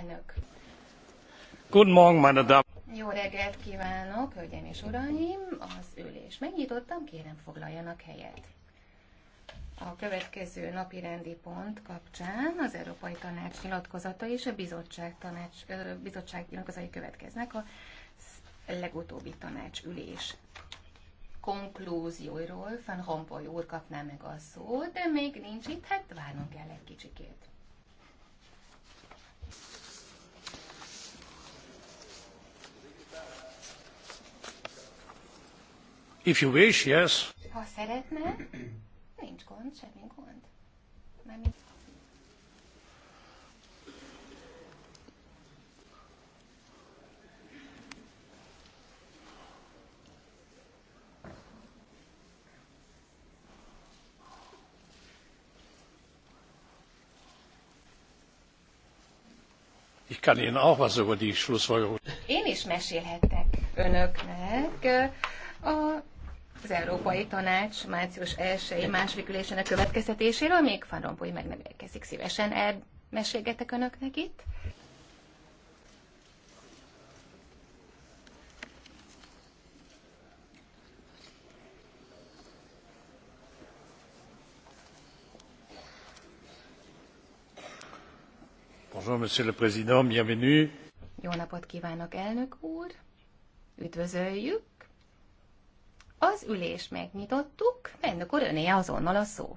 elnök. Good morning, meine Damen. Jó reggelt kívánok, hölgyeim és uraim! Az ülés megnyitottam, kérem foglaljanak helyet. A következő napi rendi pont kapcsán az Európai Tanács nyilatkozata és a bizottság, tanács, bizottság nyilatkozatai következnek a legutóbbi tanács ülés konklúzióiról Van Rompuy úr kapná meg a szót, de még nincs itt, hát várnunk kell egy kicsikét. If you wish, yes. Ha szeretne, nincs gond, semmi gond. Nem Ich kann Ihnen auch was über die Schlussfolgerung. Én is mesélhettek önöknek a az Európai Tanács március 1-i második ülésének következtetéséről, még Van Rompuy meg nem érkezik szívesen. Elmesélgetek er, önöknek itt. Bonjour, Monsieur le Président, bienvenue. Jó napot kívánok, elnök úr! Üdvözöljük! Az ülés megnyitottuk, mert akkor öné azonnal a szó.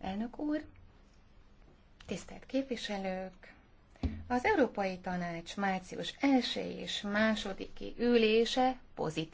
Elnök úr, tisztelt képviselők, az Európai Tanács március 1 és 2 ülése pozitív.